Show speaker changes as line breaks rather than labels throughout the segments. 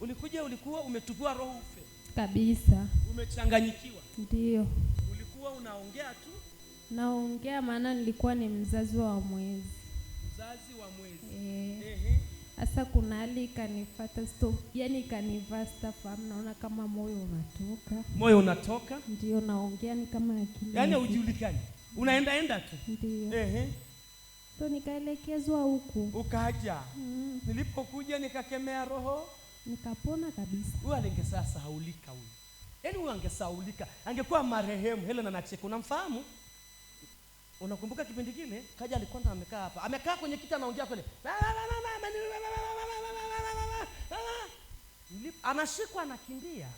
Ulikuja ulikuwa umetupiwa roho ufe
kabisa,
umechanganyikiwa. Ndio ulikuwa unaongea tu,
naongea, maana nilikuwa ni mzazi wa mwezi,
mzazi wa mwezi
e. Ehe. Sasa kuna hali ikanifata stop, yani ikanivaa stafahamu, naona kama moyo unatoka,
moyo unatoka,
ndio naongea ni kama akili,
yani hujulikani, unaenda enda tu, ndio ehe
so nikaelekezwa huku
ukaja. mm. Nilipokuja nikakemea roho
nikapona kabisa.
Huyu alingesasahaulika huyu, yaani huyo angesahaulika, angekuwa marehemu. Helena Nacheka unamfahamu? Unakumbuka kipindi kile kaja alikuwa ndo amekaa hapa, amekaa kwenye kiti anaongea pale, anashikwa anakimbia.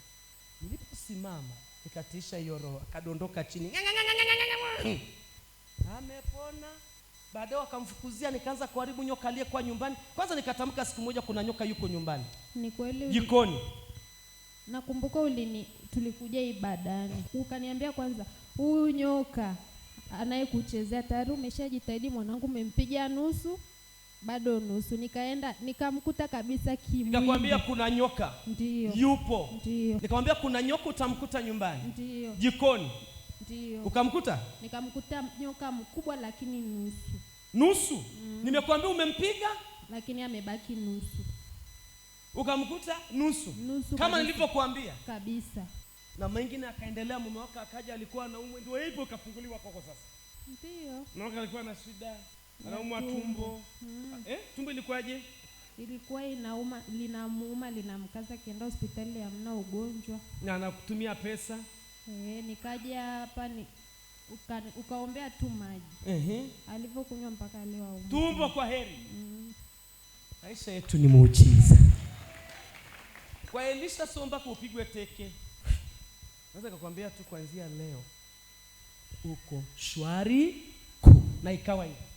Niliposimama nikatisha hiyo roho, akadondoka chini, amepona baadaye wakamfukuzia, nikaanza kuharibu nyoka aliyekuwa nyumbani. Kwanza nikatamka siku moja, kuna nyoka yuko nyumbani, ni kweli jikoni.
Nakumbuka ulini, tulikuja ibadani, ukaniambia kwanza, huyu nyoka anayekuchezea tayari umeshajitahidi mwanangu, umempiga nusu bado nusu. Nikaenda nikamkuta kabisa kimwili,
nikakwambia kuna nyoka. ndio yupo ndio nikamwambia kuna nyoka utamkuta nyumbani, ndio jikoni Ndiyo. Ukamkuta?
Nikamkuta nyoka mkubwa lakini nusu.
Nusu? Mm. Nimekuambia umempiga
lakini amebaki nusu.
Ukamkuta nusu. Nusu kama nilivyokuambia. Kabisa. Na mengine akaendelea, mume wake akaja, alikuwa anaumwa, ndio hivyo kafunguliwa kwako sasa. ndio Mume alikuwa na shida, anaumwa tumbo. Mm. Eh, tumbo ilikuwaje?
ilikuwa inauma, linamuuma, linamkaza, akienda hospitali hamna ugonjwa,
na anakutumia pesa
Eh, nikaja hapa ni uka, ukaombea tu maji Eh. alivyokunywa mpaka leo
tumbo kwa heri. Mm. Maisha yetu ni muujiza kwa Elisha, somba kupigwe teke. Naweza kukwambia tu kuanzia leo uko shwari ku na ikawa hivyo.